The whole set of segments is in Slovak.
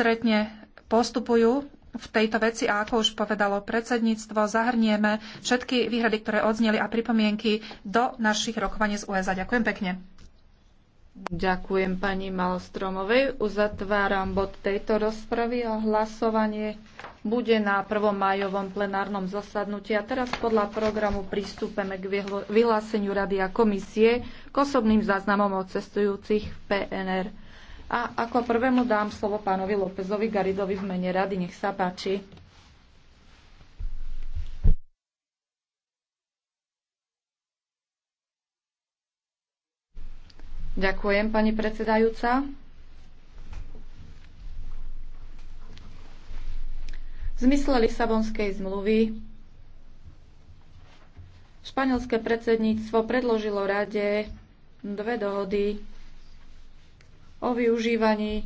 ústretne postupujú v tejto veci a ako už povedalo predsedníctvo, zahrnieme všetky výhrady, ktoré odzneli a pripomienky do našich rokovaní z USA. Ďakujem pekne. Ďakujem pani Malostromovej. Uzatváram bod tejto rozpravy a hlasovanie bude na 1. majovom plenárnom zasadnutí. A teraz podľa programu pristúpeme k vyhláseniu Rady a komisie k osobným záznamom o cestujúcich v PNR. A ako prvému dám slovo pánovi Lópezovi Garidovi v mene rady. Nech sa páči. Ďakujem, pani predsedajúca. V zmysle Lisabonskej zmluvy španielské predsedníctvo predložilo rade dve dohody o využívaní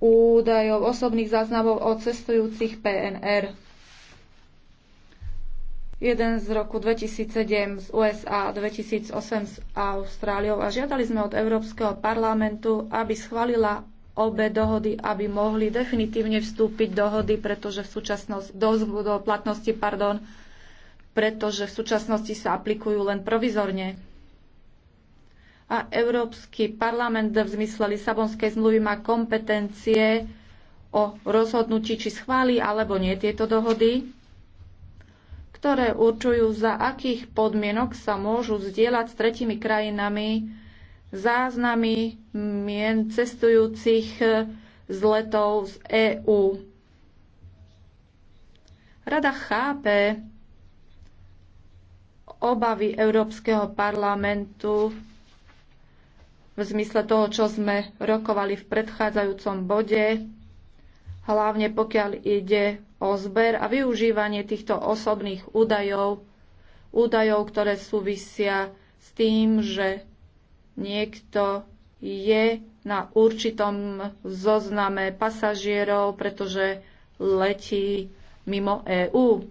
údajov osobných záznamov o cestujúcich PNR. Jeden z roku 2007 z USA a 2008 z Austráliou a žiadali sme od Európskeho parlamentu, aby schválila obe dohody, aby mohli definitívne vstúpiť dohody, pretože v súčasnosti, do, do platnosti, pardon, pretože v súčasnosti sa aplikujú len provizorne a Európsky parlament v zmysle Lisabonskej zmluvy má kompetencie o rozhodnutí, či schváli alebo nie tieto dohody, ktoré určujú, za akých podmienok sa môžu zdieľať s tretimi krajinami záznamy mien cestujúcich eh, z letov z EÚ. Rada chápe obavy Európskeho parlamentu v zmysle toho, čo sme rokovali v predchádzajúcom bode, hlavne pokiaľ ide o zber a využívanie týchto osobných údajov, údajov, ktoré súvisia s tým, že niekto je na určitom zozname pasažierov, pretože letí mimo EÚ.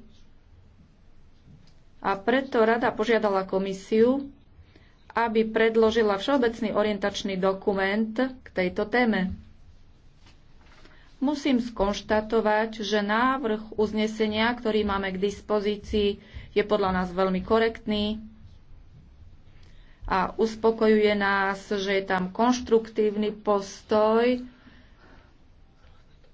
A preto rada požiadala komisiu, aby predložila všeobecný orientačný dokument k tejto téme. Musím skonštatovať, že návrh uznesenia, ktorý máme k dispozícii, je podľa nás veľmi korektný a uspokojuje nás, že je tam konštruktívny postoj.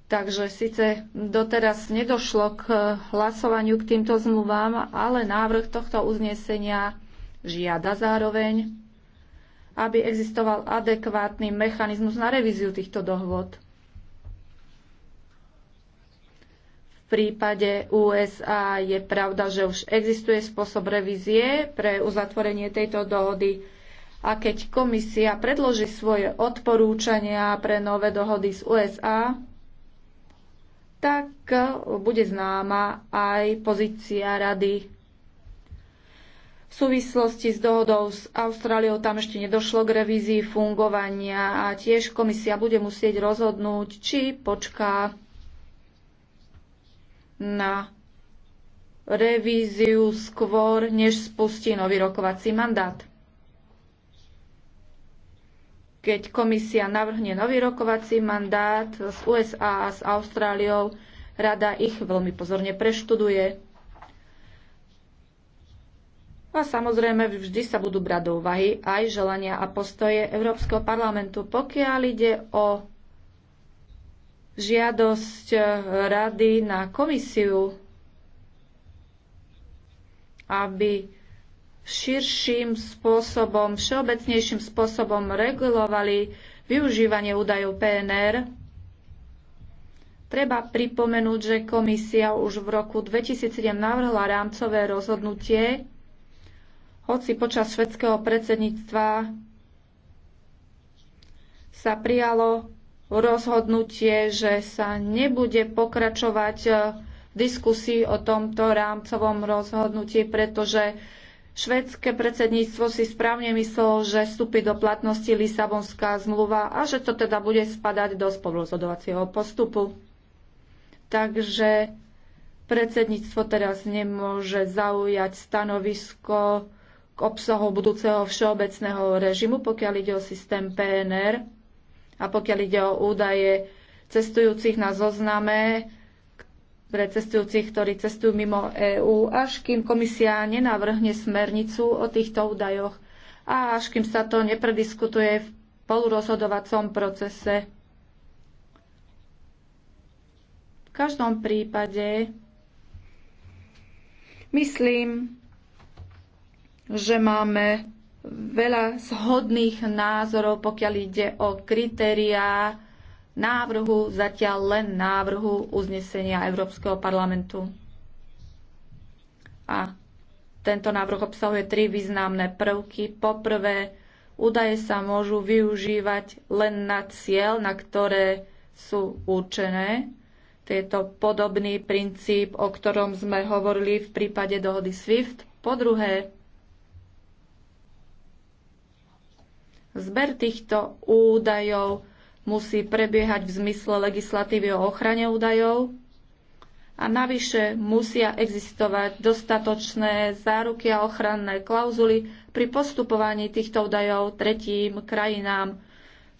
Takže síce doteraz nedošlo k hlasovaniu k týmto zmluvám, ale návrh tohto uznesenia Žiada zároveň, aby existoval adekvátny mechanizmus na revíziu týchto dohôd. V prípade USA je pravda, že už existuje spôsob revízie pre uzatvorenie tejto dohody a keď komisia predloží svoje odporúčania pre nové dohody z USA, tak bude známa aj pozícia rady v súvislosti s dohodou s Austráliou tam ešte nedošlo k revízii fungovania a tiež komisia bude musieť rozhodnúť, či počká na revíziu skôr, než spustí nový rokovací mandát. Keď komisia navrhne nový rokovací mandát s USA a s Austráliou, rada ich veľmi pozorne preštuduje. A samozrejme vždy sa budú brať do úvahy aj želania a postoje Európskeho parlamentu, pokiaľ ide o žiadosť eh, rady na komisiu, aby širším spôsobom, všeobecnejším spôsobom regulovali využívanie údajov PNR. Treba pripomenúť, že komisia už v roku 2007 navrhla rámcové rozhodnutie, hoci počas švedského predsedníctva sa prijalo rozhodnutie, že sa nebude pokračovať e, v diskusii o tomto rámcovom rozhodnutí, pretože švedské predsedníctvo si správne myslelo, že vstúpi do platnosti Lisabonská zmluva a že to teda bude spadať do spolurozhodovacieho postupu. Takže predsedníctvo teraz nemôže zaujať stanovisko k obsahu budúceho všeobecného režimu, pokiaľ ide o systém PNR a pokiaľ ide o údaje cestujúcich na zozname pre cestujúcich, ktorí cestujú mimo EÚ, až kým komisia nenavrhne smernicu o týchto údajoch a až kým sa to neprediskutuje v polurozhodovacom procese. V každom prípade myslím, že máme veľa zhodných názorov, pokiaľ ide o kritériá návrhu, zatiaľ len návrhu uznesenia Európskeho parlamentu. A tento návrh obsahuje tri významné prvky. Poprvé, údaje sa môžu využívať len na cieľ, na ktoré sú určené. Tieto podobný princíp, o ktorom sme hovorili v prípade dohody SWIFT. Po druhé, Zber týchto údajov musí prebiehať v zmysle legislatívy o ochrane údajov a navyše musia existovať dostatočné záruky a ochranné klauzuly pri postupovaní týchto údajov tretím krajinám.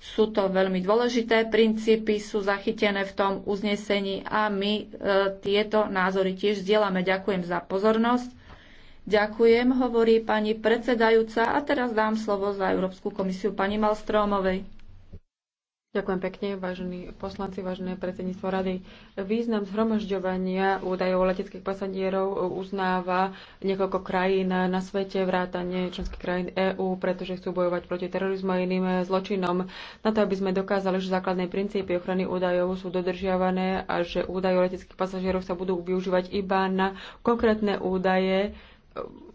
Sú to veľmi dôležité princípy, sú zachytené v tom uznesení a my e, tieto názory tiež zdieľame. Ďakujem za pozornosť Ďakujem, hovorí pani predsedajúca a teraz dám slovo za Európsku komisiu pani Malstrómovej. Ďakujem pekne, vážení poslanci, vážené predsedníctvo rady. Význam zhromažďovania údajov leteckých pasadierov uznáva niekoľko krajín na svete, vrátane členských krajín EÚ, pretože chcú bojovať proti terorizmu a iným zločinom. Na to, aby sme dokázali, že základné princípy ochrany údajov sú dodržiavané a že údaje leteckých pasažierov sa budú využívať iba na konkrétne údaje,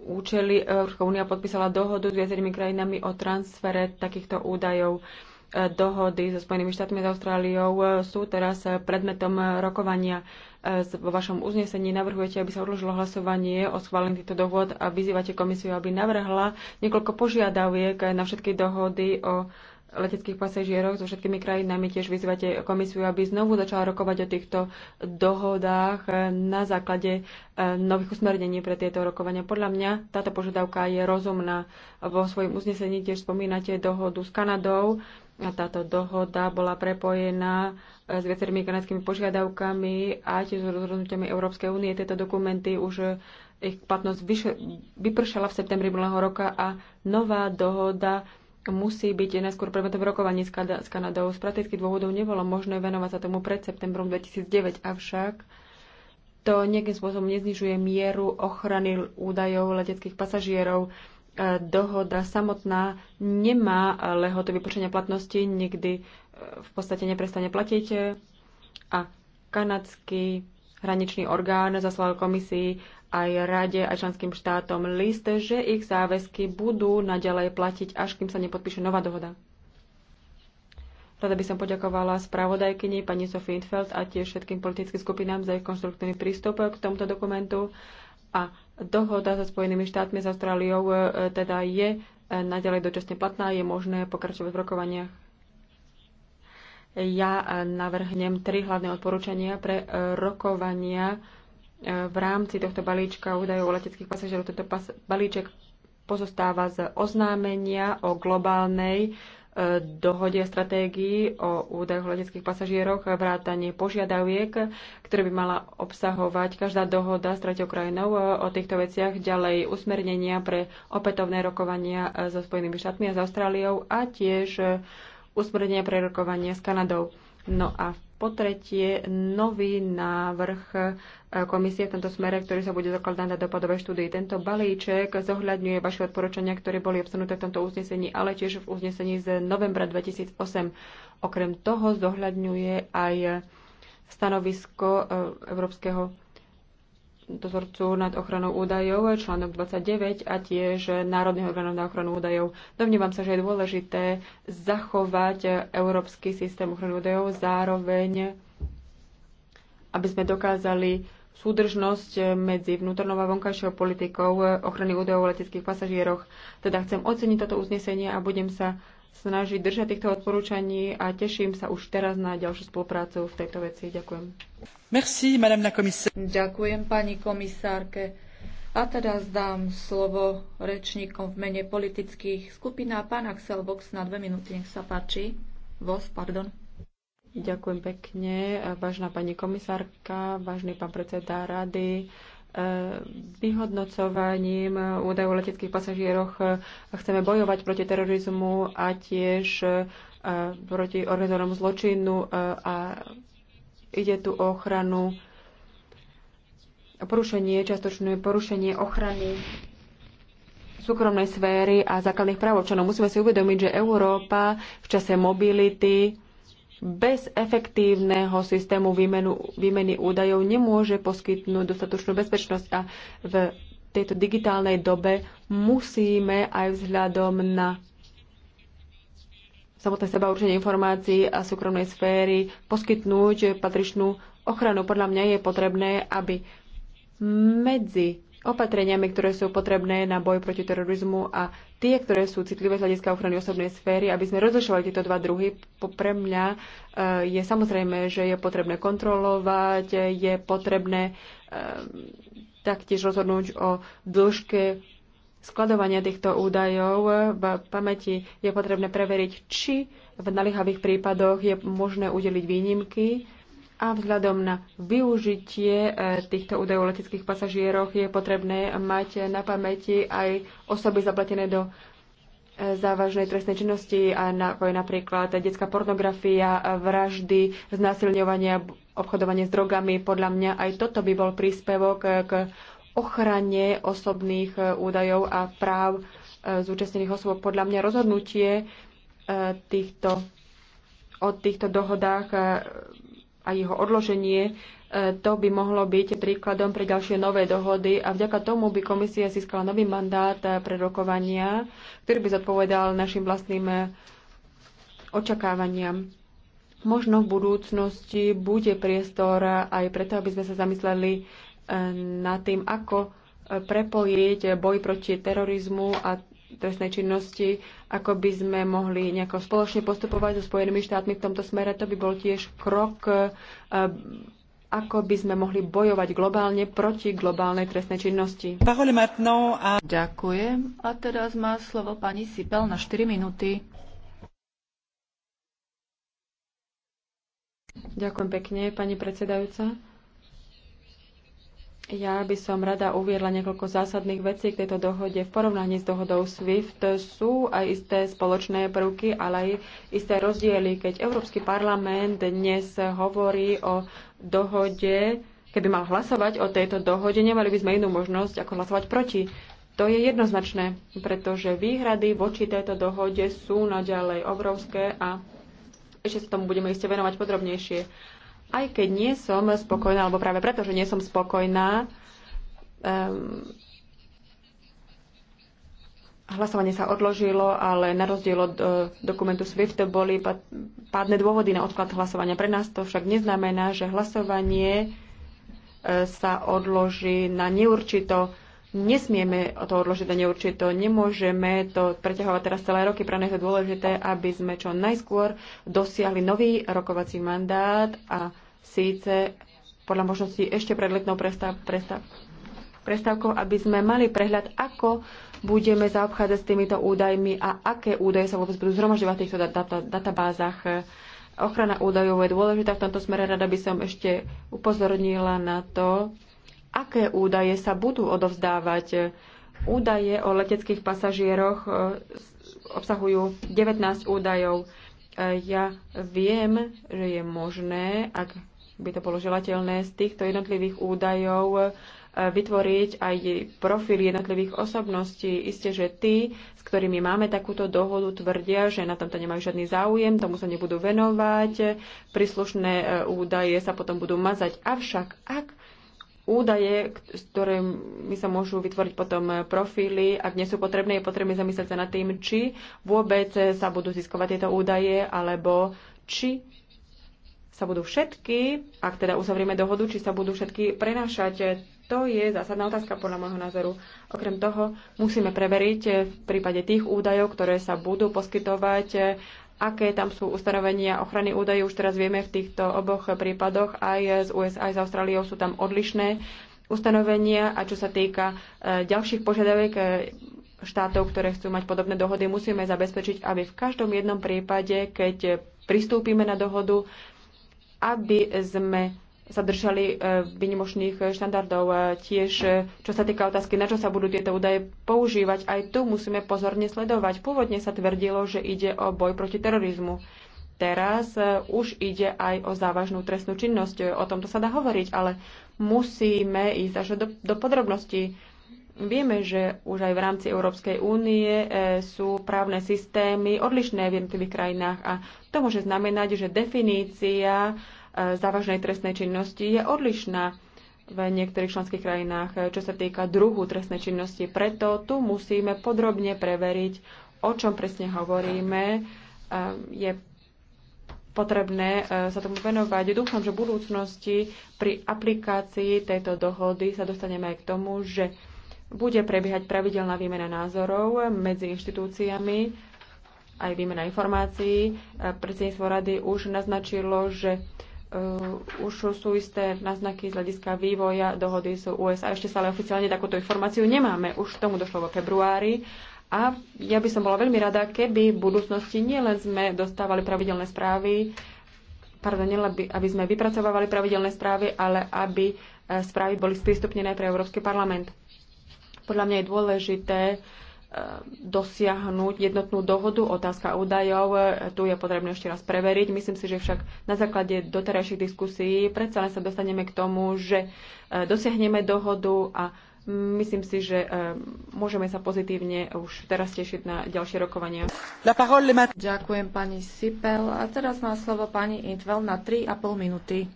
účely Európska únia podpísala dohodu s viacerými krajinami o transfere takýchto údajov. E, dohody so Spojenými štátmi a Austráliou e, sú teraz e, predmetom rokovania. Vo vašom uznesení navrhujete, aby sa odložilo hlasovanie o schválení týchto dohod a vyzývate komisiu, aby navrhla niekoľko požiadaviek na všetky dohody o leteckých pasažierov so všetkými krajinami. Tiež vyzývate komisiu, aby znovu začala rokovať o týchto dohodách na základe e, nových usmernení pre tieto rokovania. Podľa mňa táto požiadavka je rozumná. Vo svojom uznesení tiež spomínate dohodu s Kanadou. A táto dohoda bola prepojená e, s viacerými kanadskými požiadavkami a tiež s rozhodnutiami Európskej únie. Tieto dokumenty už e, ich platnosť vypršala v septembri minulého roka a nová dohoda musí byť najskôr predmetom rokovaní s, Kanadou. Z praktických dôvodov nebolo možné venovať sa tomu pred septembrom 2009, avšak to nejakým spôsobom neznižuje mieru ochrany údajov leteckých pasažierov. E, dohoda samotná nemá lehoto vypočenia platnosti, nikdy e, v podstate neprestane platiť e, a kanadský hraničný orgán zaslal komisii aj rade, aj členským štátom list, že ich záväzky budú naďalej platiť, až kým sa nepodpíše nová dohoda. Rada by som poďakovala spravodajkyni pani Sofie Infeld a tiež všetkým politickým skupinám za ich konstruktívny prístup k tomuto dokumentu. A dohoda so Spojenými štátmi s Austráliou e, teda je e, naďalej dočasne platná, je možné pokračovať v rokovaniach. Ja e, navrhnem tri hlavné odporúčania pre rokovania E, v rámci tohto balíčka údajov o leteckých pasažierov tento pas- balíček pozostáva z oznámenia o globálnej e, dohode a stratégii o údajoch o leteckých pasažieroch vrátanie požiadaviek, ktoré by mala obsahovať každá dohoda s tretou krajinou e, o týchto veciach, ďalej usmernenia pre opätovné rokovania so Spojenými štátmi a s Austráliou a tiež usmernenia pre rokovania s Kanadou. No a v po tretie, nový návrh e, komisie v tomto smere, ktorý sa bude zakladať na dopadové štúdie. Tento balíček zohľadňuje vaše odporúčania, ktoré boli obsanuté v tomto uznesení, ale tiež v uznesení z novembra 2008. Okrem toho zohľadňuje aj stanovisko e, Európskeho dozorcu nad ochranou údajov, článok 29 a tiež Národných orgánov na ochranu údajov. Domnívam sa, že je dôležité zachovať európsky systém ochrany údajov zároveň, aby sme dokázali súdržnosť medzi vnútornou a vonkajšou politikou ochrany údajov o leteckých pasažieroch. Teda chcem oceniť toto uznesenie a budem sa snaží držať týchto odporúčaní a teším sa už teraz na ďalšiu spoluprácu v tejto veci. Ďakujem. Merci, madame la commissaire. Ďakujem pani komisárke. A teraz dám slovo rečníkom v mene politických skupín a pán Axel Box na dve minúty, nech sa páči. Vos, pardon. Ďakujem pekne, vážna pani komisárka, vážny pán predseda rady, vyhodnocovaním údajov o leteckých pasažieroch chceme bojovať proti terorizmu a tiež e, proti organizovanému zločinu e, a ide tu o ochranu porušenie, častočné porušenie ochrany súkromnej sféry a základných práv občanov. Musíme si uvedomiť, že Európa v čase mobility bez efektívneho systému výmenu, výmeny údajov nemôže poskytnúť dostatočnú bezpečnosť a v tejto digitálnej dobe musíme aj vzhľadom na samotné seba určenie informácií a súkromnej sféry poskytnúť patričnú ochranu. Podľa mňa je potrebné, aby medzi opatreniami, ktoré sú potrebné na boj proti terorizmu a tie, ktoré sú citlivé z hľadiska ochrany osobnej sféry, aby sme rozlišovali tieto dva druhy. Pre mňa e, je samozrejme, že je potrebné kontrolovať, je potrebné e, taktiež rozhodnúť o dĺžke skladovania týchto údajov v pamäti. Je potrebné preveriť, či v naliehavých prípadoch je možné udeliť výnimky a vzhľadom na využitie e, týchto údajov leteckých pasažieroch je potrebné mať na pamäti aj osoby zaplatené do e, závažnej trestnej činnosti, ako je napríklad detská pornografia, vraždy, znásilňovania, obchodovanie s drogami. Podľa mňa aj toto by bol príspevok e, k ochrane osobných údajov a práv zúčastnených osôb. Podľa mňa rozhodnutie týchto, o týchto dohodách a jeho odloženie, e, to by mohlo byť príkladom pre ďalšie nové dohody a vďaka tomu by komisia získala nový mandát e, pre rokovania, ktorý by zodpovedal našim vlastným e, očakávaniam. Možno v budúcnosti bude priestor aj preto, aby sme sa zamysleli nad tým, ako prepojiť boj proti terorizmu a trestnej činnosti, ako by sme mohli nejako spoločne postupovať so Spojenými štátmi v tomto smere. To by bol tiež krok, eh, ako by sme mohli bojovať globálne proti globálnej trestnej činnosti. Ďakujem. A teraz má slovo pani Sipel na 4 minúty. Ďakujem pekne, pani predsedajúca. Ja by som rada uviedla niekoľko zásadných vecí k tejto dohode. V porovnaní s dohodou SWIFT sú aj isté spoločné prvky, ale aj isté rozdiely. Keď Európsky parlament dnes hovorí o dohode, keby mal hlasovať o tejto dohode, nemali by sme inú možnosť ako hlasovať proti. To je jednoznačné, pretože výhrady voči tejto dohode sú naďalej obrovské a ešte sa tomu budeme iste venovať podrobnejšie aj keď nie som spokojná, alebo práve preto, že nie som spokojná, um, hlasovanie sa odložilo, ale na rozdiel od uh, dokumentu SWIFT boli pádne dôvody na odklad hlasovania. Pre nás to však neznamená, že hlasovanie uh, sa odloží na neurčito. Nesmieme to odložiť na neurčito, nemôžeme to preťahovať teraz celé roky, pre nás je dôležité, aby sme čo najskôr dosiahli nový rokovací mandát a síce podľa možností ešte pred letnou prestav, prestav, prestávkou, aby sme mali prehľad, ako budeme zaobchádzať s týmito údajmi a aké údaje sa vôbec budú zhromažďovať v týchto data, databázach. Ochrana údajov je dôležitá. V tomto smere rada by som ešte upozornila na to, aké údaje sa budú odovzdávať. Údaje o leteckých pasažieroch e, obsahujú 19 údajov. E, ja viem, že je možné, ak by to bolo želateľné, z týchto jednotlivých údajov e, vytvoriť aj profil jednotlivých osobností. Isté, že tí, s ktorými máme takúto dohodu, tvrdia, že na tomto nemajú žiadny záujem, tomu sa nebudú venovať, príslušné údaje sa potom budú mazať. Avšak, ak údaje, s ktorými sa môžu vytvoriť potom profily. Ak nie sú potrebné, je potrebné zamyslieť sa nad tým, či vôbec sa budú získovať tieto údaje, alebo či sa budú všetky, ak teda uzavrieme dohodu, či sa budú všetky prenášať. To je zásadná otázka podľa môjho názoru. Okrem toho musíme preveriť v prípade tých údajov, ktoré sa budú poskytovať, aké tam sú ustanovenia ochrany údajov. Už teraz vieme v týchto oboch prípadoch aj z USA, aj z Austráliou sú tam odlišné ustanovenia a čo sa týka e, ďalších požiadaviek e, štátov, ktoré chcú mať podobné dohody, musíme zabezpečiť, aby v každom jednom prípade, keď pristúpime na dohodu, aby sme sa držali e, vynimočných štandardov. E, tiež, e, čo sa týka otázky, na čo sa budú tieto údaje používať, aj tu musíme pozorne sledovať. Pôvodne sa tvrdilo, že ide o boj proti terorizmu. Teraz už ide aj o závažnú trestnú činnosť. O tomto sa dá hovoriť, ale musíme ísť až do, do podrobností. Vieme, že už aj v rámci Európskej únie sú právne systémy odlišné v jednotlivých krajinách a to môže znamenať, že definícia E, závažnej trestnej činnosti je odlišná v niektorých členských krajinách, e, čo sa týka druhu trestnej činnosti. Preto tu musíme podrobne preveriť, o čom presne hovoríme. E, je potrebné sa tomu venovať. Dúfam, že v budúcnosti pri aplikácii tejto dohody sa dostaneme aj k tomu, že bude prebiehať pravidelná výmena názorov medzi inštitúciami, aj výmena informácií. Predsedníctvo rady už naznačilo, že Eh, už sú isté náznaky z hľadiska vývoja dohody z USA. Ešte stále oficiálne takúto informáciu nemáme. Už k tomu došlo vo februári. A ja by som bola veľmi rada, keby v budúcnosti nielen sme dostávali pravidelné správy, pardon, nielen aby, aby sme vypracovávali pravidelné správy, ale aby eh, správy boli sprístupnené pre Európsky parlament. Podľa mňa je dôležité uh, dosiahnuť jednotnú dohodu. Otázka údajov, e, tu je potrebné ešte raz preveriť. Myslím si, že však na základe doterajších diskusí predsa len sa dostaneme k tomu, že e, dosiahneme dohodu a myslím si, že e, môžeme sa pozitívne už teraz tešiť na ďalšie rokovania. Ďakujem pani Sipel. A teraz má slovo pani Intvel na 3,5 minúty.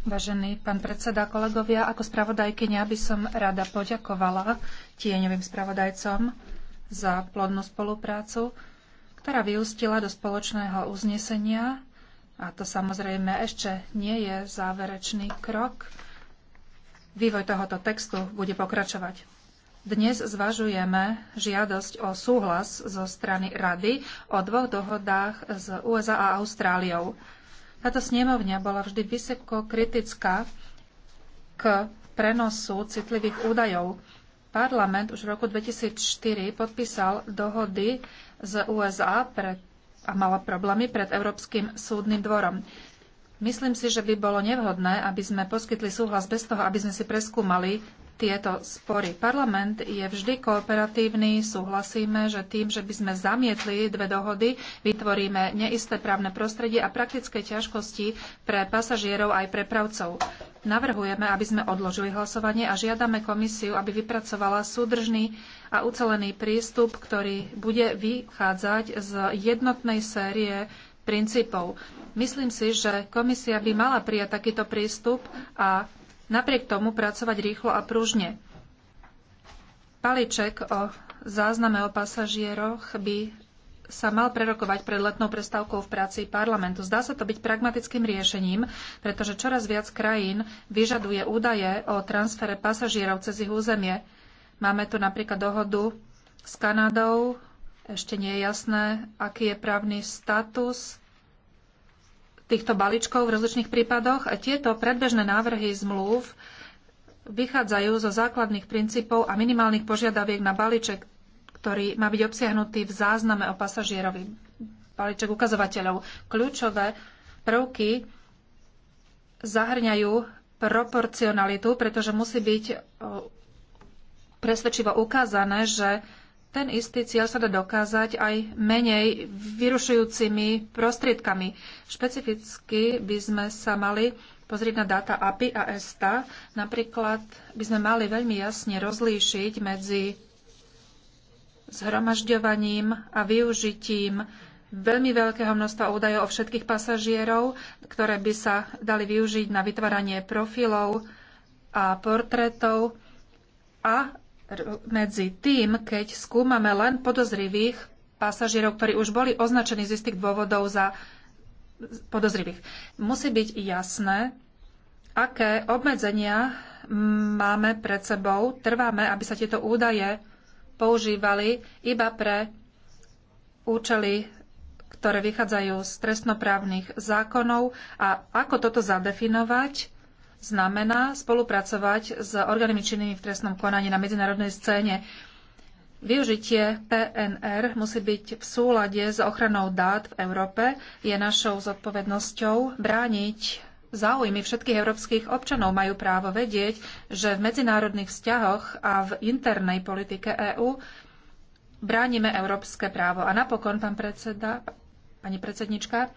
Vážený pán predseda, kolegovia, ako spravodajkynia by som rada poďakovala tieňovým spravodajcom za plodnú spoluprácu, ktorá vyústila do spoločného uznesenia. A to samozrejme ešte nie je záverečný krok. Vývoj tohoto textu bude pokračovať. Dnes zvažujeme žiadosť o súhlas zo strany Rady o dvoch dohodách s USA a Austráliou. Táto snemovňa bola vždy vysoko kritická k prenosu citlivých údajov. Parlament už v roku 2004 podpísal dohody z USA pre, a mala problémy pred Európskym súdnym dvorom. Myslím si, že by bolo nevhodné, aby sme poskytli súhlas bez toho, aby sme si preskúmali tieto spory. Parlament je vždy kooperatívny, súhlasíme, že tým, že by sme zamietli dve dohody, vytvoríme neisté právne prostredie a praktické ťažkosti pre pasažierov aj prepravcov. Navrhujeme, aby sme odložili hlasovanie a žiadame komisiu, aby vypracovala súdržný a ucelený prístup, ktorý bude vychádzať z jednotnej série princípov. Myslím si, že komisia by mala prijať takýto prístup a napriek tomu pracovať rýchlo a pružne. Paliček o zázname o pasažieroch by sa mal prerokovať pred letnou prestávkou v práci parlamentu. Zdá sa to byť pragmatickým riešením, pretože čoraz viac krajín vyžaduje údaje o transfere pasažierov cez ich územie. Máme tu napríklad dohodu s Kanadou, ešte nie je jasné, aký je právny status týchto balíčkov v rozličných prípadoch a tieto predbežné návrhy zmluv vychádzajú zo základných princípov a minimálnych požiadaviek na balíček, ktorý má byť obsiahnutý v zázname o pasažierovi. Balíček ukazovateľov. Kľúčové prvky zahrňajú proporcionalitu, pretože musí byť eh, presvedčivo ukázané, že ten istý cieľ sa dá dokázať aj menej vyrušujúcimi prostriedkami. Špecificky by sme sa mali pozrieť na dáta API a ESTA. Napríklad by sme mali veľmi jasne rozlíšiť medzi zhromažďovaním a využitím veľmi veľkého množstva údajov o všetkých pasažierov, ktoré by sa dali využiť na vytváranie profilov a portrétov a medzi tým, keď skúmame len podozrivých pasažierov, ktorí už boli označení z istých dôvodov za podozrivých. Musí byť jasné, aké obmedzenia máme pred sebou. Trváme, aby sa tieto údaje používali iba pre účely, ktoré vychádzajú z trestnoprávnych zákonov a ako toto zadefinovať znamená spolupracovať s orgánmi činnými v trestnom konaní na medzinárodnej scéne. Využitie PNR musí byť v súlade s ochranou dát v Európe. Je našou zodpovednosťou brániť záujmy všetkých európskych občanov. Majú právo vedieť, že v medzinárodných vzťahoch a v internej politike EÚ bránime európske právo. A napokon, pán predseda, pani predsednička,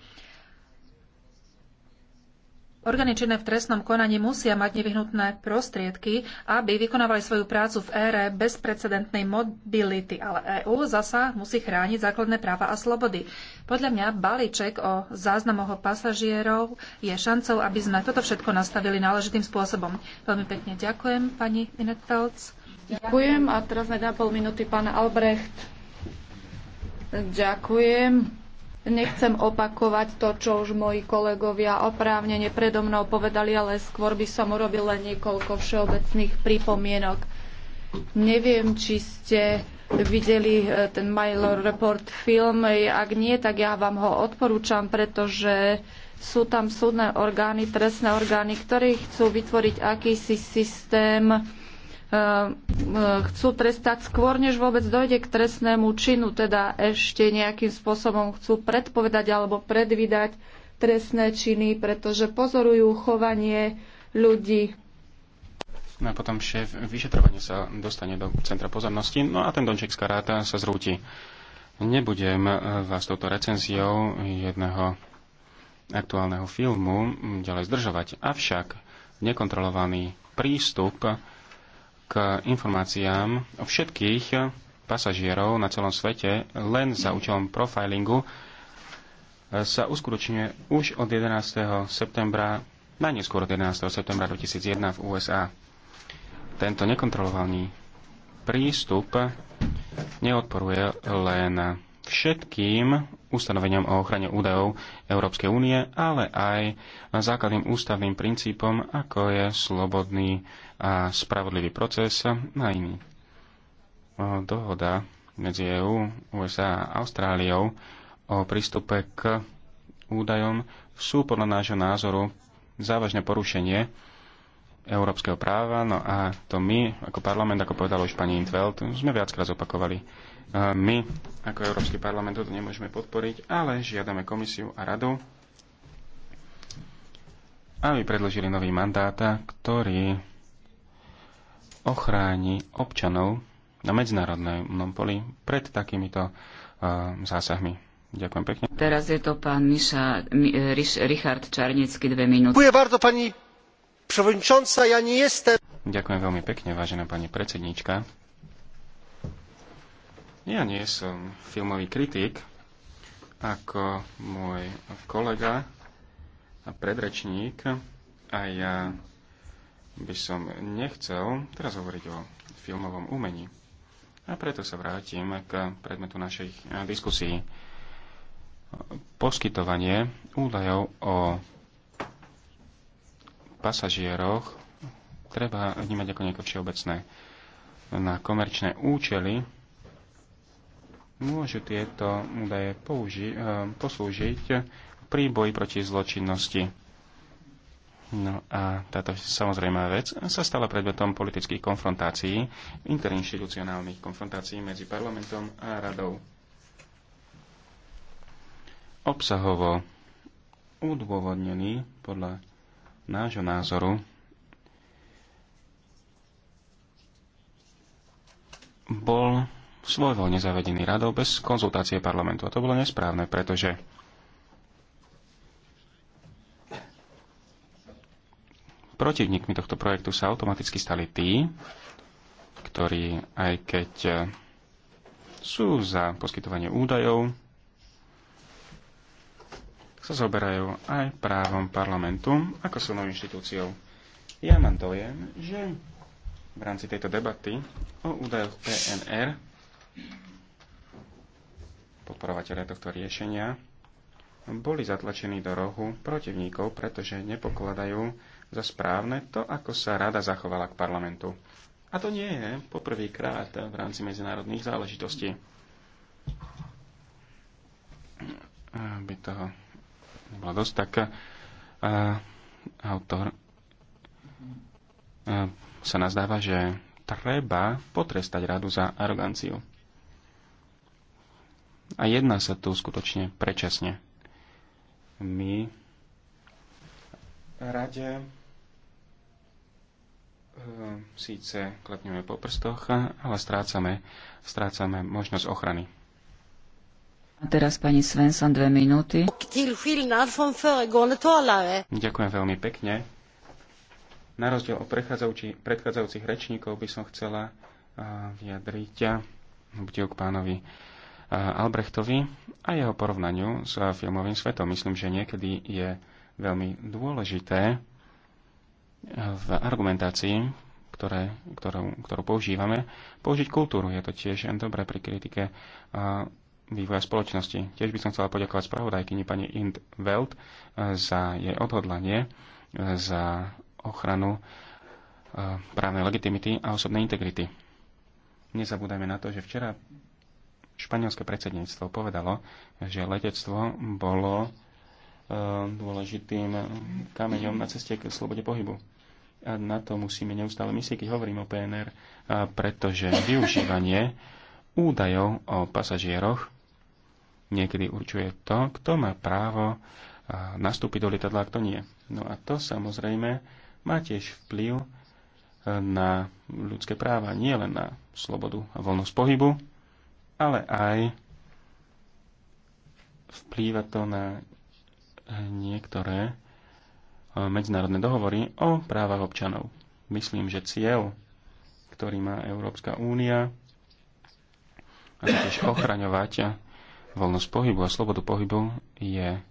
Orgány činné v trestnom konaní musia mať nevyhnutné prostriedky, aby vykonávali svoju prácu v ére bezprecedentnej mobility, ale EÚ zasa musí chrániť základné práva a slobody. Podľa mňa balíček o záznamoch o pasažierov je šancou, aby sme toto všetko nastavili náležitým spôsobom. Veľmi pekne ďakujem, pani Inetfelc. Ďakujem a teraz na pol minúty pán Albrecht. Ďakujem. Nechcem opakovať to, čo už moji kolegovia oprávnene predo mnou povedali, ale skôr by som urobil len niekoľko všeobecných pripomienok. Neviem, či ste videli eh, ten Mylor Report film. Eh, ak nie, tak ja vám ho odporúčam, pretože sú tam súdne orgány, trestné orgány, ktorí chcú vytvoriť akýsi systém Eh, chcú trestať skôr, než vôbec dojde k trestnému činu, teda ešte nejakým spôsobom chcú predpovedať alebo predvídať trestné činy, pretože pozorujú chovanie ľudí. No a potom šéf vyšetrovania sa dostane do centra pozornosti, no a ten Donček z Karáta sa zrúti. Nebudem eh, vás touto recenziou jedného aktuálneho filmu ďalej zdržovať, avšak nekontrolovaný prístup k informáciám o všetkých pasažierov na celom svete len za účelom profilingu sa uskutočňuje už od 11. septembra, najneskôr od 11. septembra 2001 v USA. Tento nekontrolovaný prístup neodporuje len všetkým ustanoveniam o ochrane údajov Európskej únie, ale aj základným ústavným princípom, ako je slobodný a spravodlivý proces na iný. Dohoda medzi EÚ, USA a Austráliou o prístupe k údajom sú podľa nášho názoru závažné porušenie európskeho práva, no a to my, ako parlament, ako povedal už pani Intveld, sme viackrát zopakovali my ako Európsky parlament to nemôžeme podporiť, ale žiadame komisiu a radu, aby predložili nový mandát, ktorý ochráni občanov na medzinárodnom poli pred takýmito uh, zásahmi. Ďakujem pekne. Teraz je to pán Miša, mi, Riš, Richard Čarnecký, dve minúty. Ďakujem bardzo, pani przewodnicząca, ja nie jestem... Ďakujem veľmi pekne, vážená pani predsedníčka. Ja nie som filmový kritik, ako môj kolega a predrečník a ja by som nechcel teraz hovoriť o filmovom umení. A preto sa vrátim k predmetu našej eh, diskusii. Poskytovanie údajov o pasažieroch treba vnímať ako niečo všeobecné. Na komerčné účely môžu tieto údaje použi- eh, poslúžiť pri boji proti zločinnosti. No a táto samozrejmá vec sa stala predmetom politických konfrontácií, interinstitucionálnych konfrontácií medzi parlamentom a radou. Obsahovo udôvodnený podľa nášho názoru bol svojvoľne zavedený radou bez konzultácie parlamentu. A to bolo nesprávne, pretože protivníkmi tohto projektu sa automaticky stali tí, ktorí aj keď sú za poskytovanie údajov, sa zoberajú aj právom parlamentu ako silnou inštitúciou. Ja mám dojem, že v rámci tejto debaty o údajoch PNR podporovateľia tohto riešenia boli zatlačení do rohu protivníkov, pretože nepokladajú za správne to, ako sa rada zachovala k parlamentu. A to nie je poprvýkrát v rámci medzinárodných záležitostí. Aby toho nebolo dosť tak. Uh, autor uh, sa nazdáva, že treba potrestať radu za aroganciu a jedná sa tu skutočne prečasne. My rade ehm, síce klepneme po prstoch, ale strácame, strácame možnosť ochrany. A teraz pani Svensson dve minúty. Eh? Ďakujem veľmi pekne. Na rozdiel od predchádzajúcich rečníkov by som chcela eh, vyjadriť ťa, k pánovi Albrechtovi a jeho porovnaniu s filmovým svetom. Myslím, že niekedy je veľmi dôležité v argumentácii, ktoré, ktorú, ktorú používame, použiť kultúru. Je to tiež dobré pri kritike vývoja spoločnosti. Tiež by som chcela poďakovať spravodajkyni pani Int Welt e, za jej odhodlanie, e, za ochranu e, právnej legitimity a osobnej integrity. Nezabúdajme na to, že včera španielské predsedníctvo povedalo, že letectvo bolo e, dôležitým kameňom na ceste k slobode pohybu. A na to musíme neustále myslieť, keď hovorím o PNR, pretože využívanie údajov o pasažieroch niekedy určuje to, kto má právo nastúpiť do lietadla, a kto nie. No a to samozrejme má tiež vplyv e, na ľudské práva, nie len na slobodu a voľnosť pohybu, ale aj vplýva to na niektoré eh, medzinárodné dohovory o právach občanov. Myslím, že cieľ, ktorý má Európska únia, a tiež ochraňovať voľnosť pohybu a slobodu pohybu, je eh,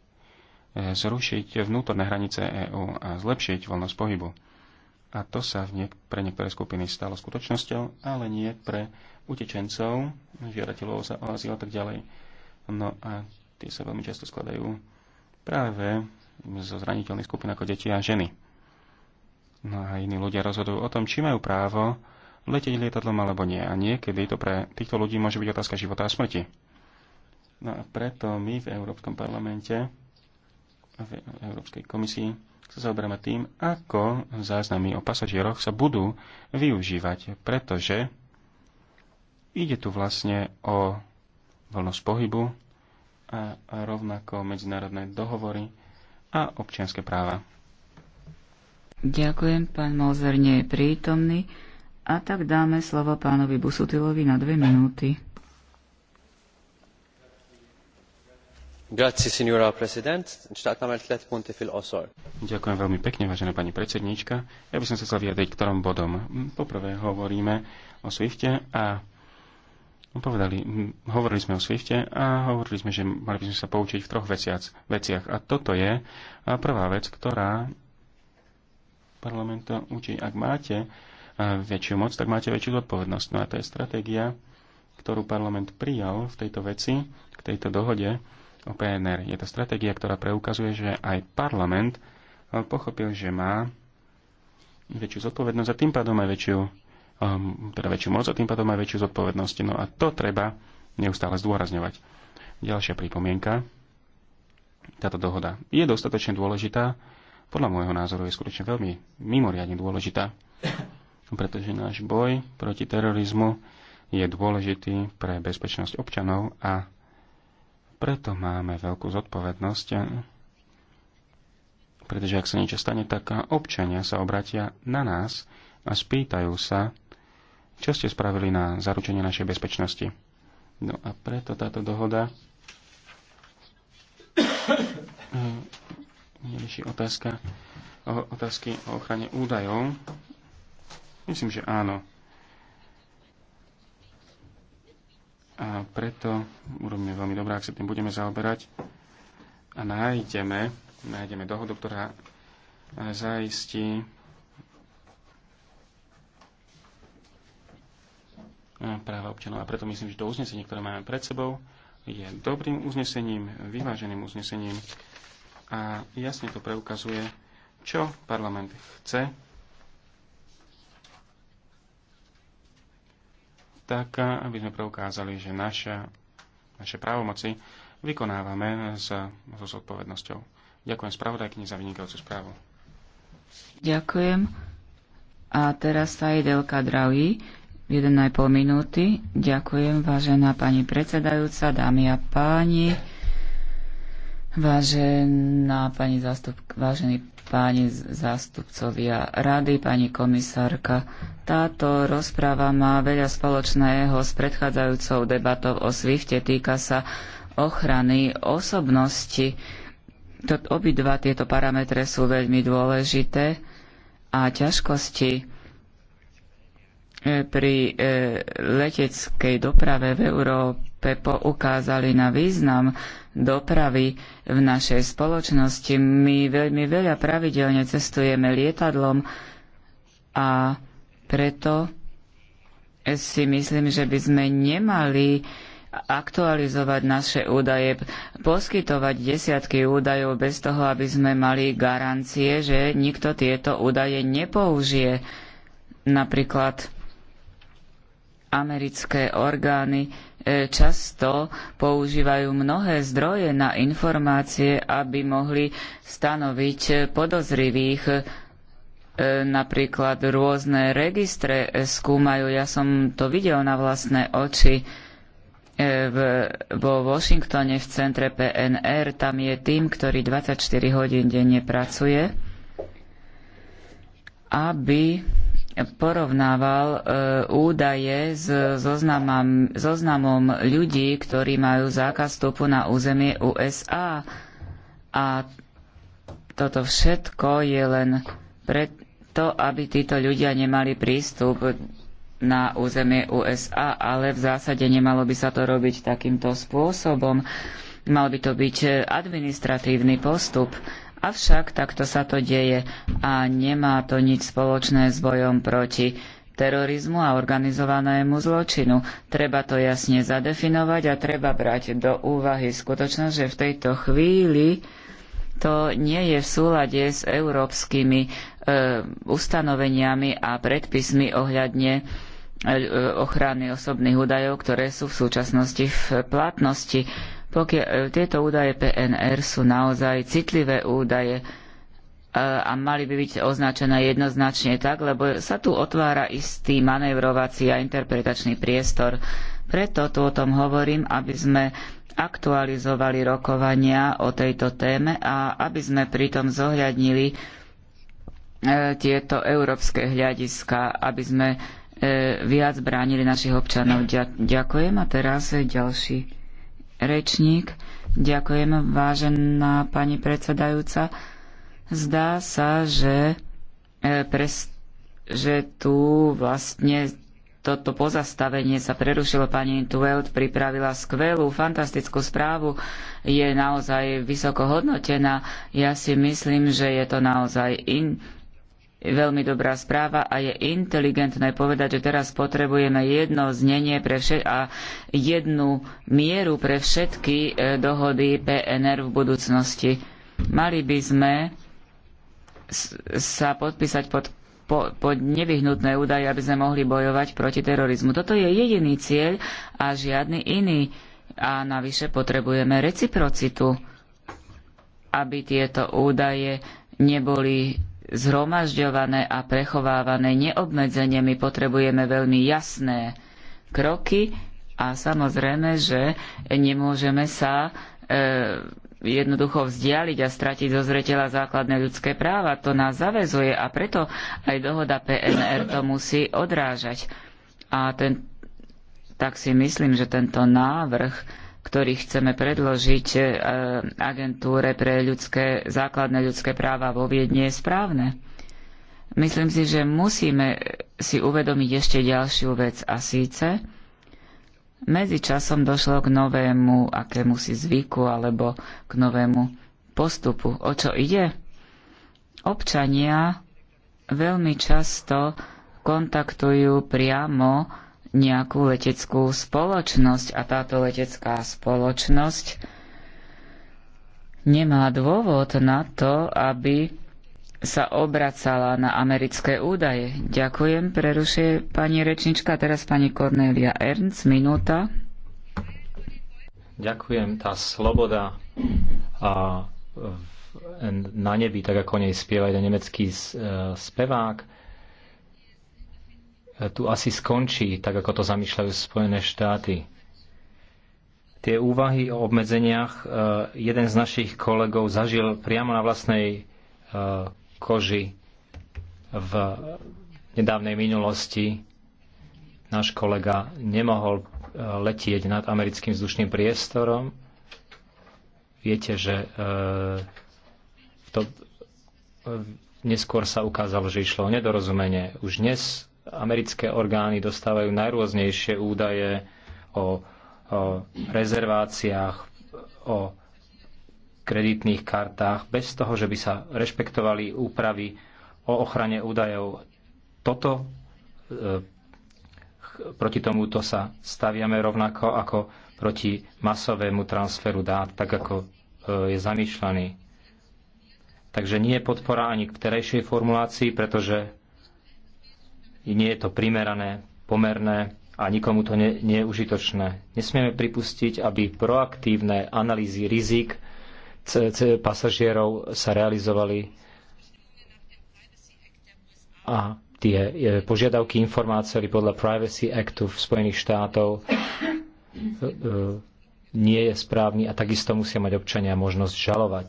zrušiť vnútorné hranice EÚ a zlepšiť voľnosť pohybu. A to sa v niek- pre niektoré skupiny stalo skutočnosťou, ale nie pre utečencov, žiadateľov o azyl a tak ďalej. No a tie sa veľmi často skladajú práve zo zraniteľných skupín ako deti a ženy. No a iní ľudia rozhodujú o tom, či majú právo letieť lietadlom alebo nie. A niekedy to pre týchto ľudí môže byť otázka života a smrti. No a preto my v Európskom parlamente a v Európskej komisii sa zaoberáme tým, ako záznamy o pasažieroch sa budú využívať, pretože Ide tu vlastne o voľnosť pohybu a rovnako medzinárodné dohovory a občianské práva. Ďakujem, pán Mozer nie je prítomný. A tak dáme slovo pánovi Busutilovi na dve minúty. Grazie, signora president. Ďakujem veľmi pekne, vážená pani predsednička. Ja by som sa chcel vyjadriť, ktorom bodom. Poprvé hovoríme o Swifte a No, povedali, hovorili sme o Swifte a hovorili sme, že mali by sme sa poučiť v troch veciac, veciach. A toto je prvá vec, ktorá parlament učí, ak máte väčšiu moc, tak máte väčšiu zodpovednosť. No a to je stratégia, ktorú parlament prijal v tejto veci, k tejto dohode o PNR. Je to stratégia, ktorá preukazuje, že aj parlament pochopil, že má väčšiu zodpovednosť a tým pádom aj väčšiu um, teda väčšiu moc a tým pádom aj väčšiu zodpovednosť. No a to treba neustále zdôrazňovať. Ďalšia pripomienka. Táto dohoda je dostatočne dôležitá. Podľa môjho názoru je skutočne veľmi mimoriadne dôležitá, pretože náš boj proti terorizmu je dôležitý pre bezpečnosť občanov a preto máme veľkú zodpovednosť, pretože ak sa niečo stane, tak občania sa obratia na nás a spýtajú sa, čo ste spravili na zaručenie našej bezpečnosti? No a preto táto dohoda nerieši otázka, o, otázky o ochrane údajov. Myslím, že áno. A preto urobíme veľmi dobré, ak sa tým budeme zaoberať a nájdeme, nájdeme dohodu, ktorá zaistí E, práva občanov. A preto myslím, že to uznesenie, ktoré máme pred sebou, je dobrým uznesením, vyváženým uznesením a jasne to preukazuje, čo parlament chce, tak aby sme preukázali, že naša, naše právomoci vykonávame s, so zodpovednosťou. Ďakujem spravodajkyni za vynikajúcu správu. Ďakujem. A teraz je delka Kadraoui 1,5 minúty. Ďakujem, vážená pani predsedajúca, dámy a páni, vážená pani zastup, vážení páni zástupcovia rady, pani komisárka. Táto rozpráva má veľa spoločného s predchádzajúcou debatou o Swifte. Týka sa ochrany osobnosti. obidva tieto parametre sú veľmi dôležité a ťažkosti E, pri e, leteckej doprave v Európe poukázali na význam dopravy v našej spoločnosti. My veľmi veľa pravidelne cestujeme lietadlom a preto si myslím, že by sme nemali aktualizovať naše údaje, poskytovať desiatky údajov bez toho, aby sme mali garancie, že nikto tieto údaje nepoužije. Napríklad americké orgány e, často používajú mnohé zdroje na informácie, aby mohli stanoviť podozrivých e, napríklad rôzne registre skúmajú. Ja som to videl na vlastné oči e, v, vo Washingtone v centre PNR. Tam je tým, ktorý 24 hodín denne pracuje, aby porovnával e, údaje s zoznamom, zoznamom ľudí, ktorí majú zákaz vstupu na územie USA. A toto všetko je len preto, aby títo ľudia nemali prístup na územie USA, ale v zásade nemalo by sa to robiť takýmto spôsobom. Mal by to byť administratívny postup. Avšak takto sa to deje a nemá to nič spoločné s bojom proti terorizmu a organizovanému zločinu. Treba to jasne zadefinovať a treba brať do úvahy skutočnosť, že v tejto chvíli to nie je v súlade s európskymi e, ustanoveniami a predpismi ohľadne e, ochrany osobných údajov, ktoré sú v súčasnosti v platnosti. Pokiaľ e, tieto údaje PNR sú naozaj citlivé údaje e, a mali by byť označené jednoznačne tak, lebo sa tu otvára istý manevrovací a interpretačný priestor. Preto tu o tom hovorím, aby sme aktualizovali rokovania o tejto téme a aby sme pritom zohľadnili e, tieto európske hľadiska, aby sme viac bránili našich občanov. Ďakujem a teraz ďalší Rečník, ďakujem, vážená pani predsedajúca. Zdá sa, že, e, pres, že tu vlastne toto pozastavenie sa prerušilo. Pani Tuelt pripravila skvelú, fantastickú správu. Je naozaj vysoko hodnotená. Ja si myslím, že je to naozaj in, veľmi dobrá správa a je inteligentné povedať, že teraz potrebujeme jedno znenie pre a jednu mieru pre všetky e, dohody PNR v budúcnosti. Mali by sme sa podpísať pod, po, pod nevyhnutné údaje, aby sme mohli bojovať proti terorizmu. Toto je jediný cieľ a žiadny iný. A navyše potrebujeme reciprocitu, aby tieto údaje neboli zhromažďované a prechovávané neobmedzenie. My potrebujeme veľmi jasné kroky a samozrejme, že nemôžeme sa e, jednoducho vzdialiť a stratiť zo zreteľa základné ľudské práva. To nás zavezuje a preto aj dohoda PNR to musí odrážať. A ten, tak si myslím, že tento návrh ktorý chceme predložiť e, agentúre pre ľudské, základné ľudské práva vo Viedne, je správne. Myslím si, že musíme si uvedomiť ešte ďalšiu vec a síce medzi časom došlo k novému akému si zvyku alebo k novému postupu. O čo ide? Občania veľmi často kontaktujú priamo nejakú leteckú spoločnosť a táto letecká spoločnosť nemá dôvod na to, aby sa obracala na americké údaje. Ďakujem, prerušuje pani rečnička. Teraz pani Cornelia Ernst, minúta. Ďakujem, tá sloboda a na nebi, tak ako o nej spieva jeden nemecký e, spevák, tu asi skončí, tak ako to zamýšľajú Spojené štáty. Tie úvahy o obmedzeniach e, jeden z našich kolegov zažil priamo na vlastnej e, koži v nedávnej minulosti. Náš kolega nemohol e, letieť nad americkým vzdušným priestorom. Viete, že v to, neskôr sa ukázalo, že išlo o nedorozumenie. Už dnes americké orgány dostávajú najrôznejšie údaje o, o rezerváciách, o kreditných kartách, bez toho, že by sa rešpektovali úpravy o ochrane údajov. Toto e, proti tomuto sa staviame rovnako ako proti masovému transferu dát, tak ako e, je zamýšľaný. Takže nie je podpora ani k terejšej formulácii, pretože nie je to primerané, pomerné a nikomu to nie, nie je užitočné. Nesmieme pripustiť, aby proaktívne analýzy rizik pasažierov sa realizovali a tie e, požiadavky informácií podľa Privacy Actu v Spojených štátov e, e, nie je správny a takisto musia mať občania možnosť žalovať.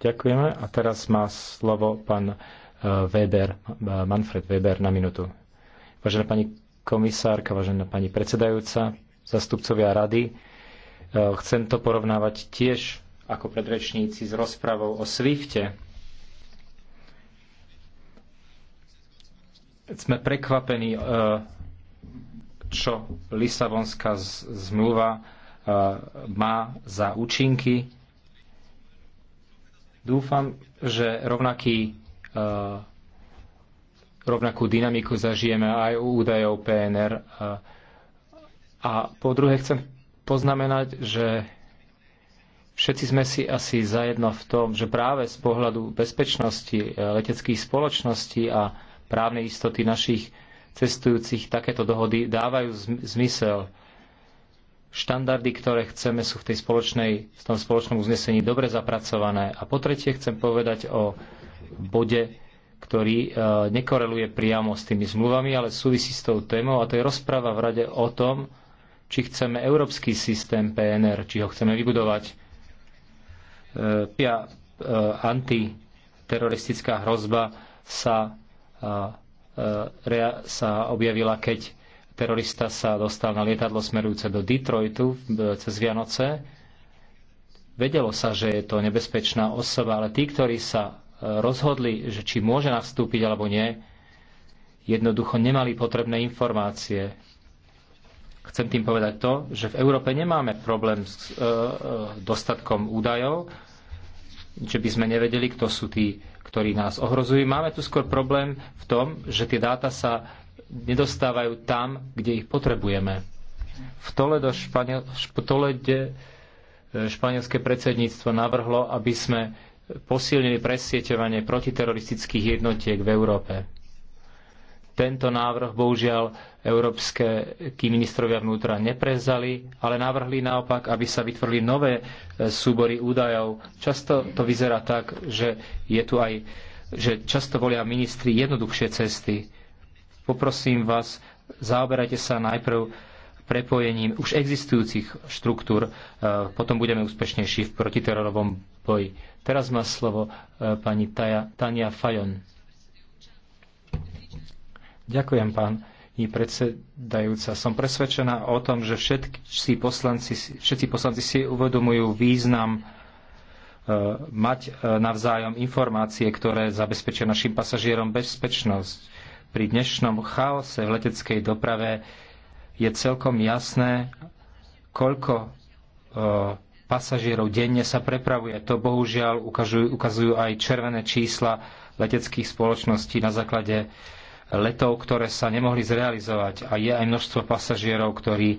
Ďakujeme a teraz má slovo pán Weber, Manfred Weber na minútu. Vážená pani komisárka, vážená pani predsedajúca, zastupcovia rady, eh, chcem to porovnávať tiež ako predrečníci s rozpravou o Swifte. Sme prekvapení, eh, čo Lisabonská zmluva eh, má za účinky. Dúfam, že rovnaký Eh, rovnakú dynamiku zažijeme aj u údajov PNR. Eh, a po druhé chcem poznamenať, že všetci sme si asi zajedno v tom, že práve z pohľadu bezpečnosti eh, leteckých spoločností a právnej istoty našich cestujúcich takéto dohody dávajú zmysel. Štandardy, ktoré chceme, sú v, tej spoločnej, v tom spoločnom uznesení dobre zapracované. A po tretie chcem povedať o bode, ktorý e, nekoreluje priamo s tými zmluvami, ale súvisí s tou témou a to je rozpráva v rade o tom, či chceme európsky systém PNR, či ho chceme vybudovať. E, Pia e, antiteroristická hrozba sa, sa objavila, keď terorista sa dostal na lietadlo smerujúce do Detroitu cez Vianoce. Vedelo sa, že je to nebezpečná osoba, ale tí, ktorí sa rozhodli, že či môže nastúpiť alebo nie, jednoducho nemali potrebné informácie. Chcem tým povedať to, že v Európe nemáme problém s e, e, dostatkom údajov, že by sme nevedeli, kto sú tí, ktorí nás ohrozujú. Máme tu skôr problém v tom, že tie dáta sa nedostávajú tam, kde ich potrebujeme. V Toledo Španiel, e, španielské predsedníctvo navrhlo, aby sme posilnili presieťovanie protiteroristických jednotiek v Európe. Tento návrh bohužiaľ európske ministrovia vnútra neprezali, ale navrhli naopak, aby sa vytvorili nové e, súbory údajov. Často to vyzerá tak, že je tu aj že často volia ministri jednoduchšie cesty. Poprosím vás, zaoberajte sa najprv prepojením už existujúcich štruktúr, e, potom budeme úspešnejší v protiterorovom boji. Teraz má slovo e, pani Taja, Tania Fajon. Ďakujem, pán predsedajúca. Som presvedčená o tom, že všetci poslanci, všetci poslanci si uvedomujú význam e, mať e, navzájom informácie, ktoré zabezpečia našim pasažierom bezpečnosť. Pri dnešnom chaose v leteckej doprave je celkom jasné, koľko pasažierov denne sa prepravuje. To bohužiaľ ukazujú, ukazujú aj červené čísla leteckých spoločností na základe letov, ktoré sa nemohli zrealizovať. A je aj množstvo pasažierov, ktorí e,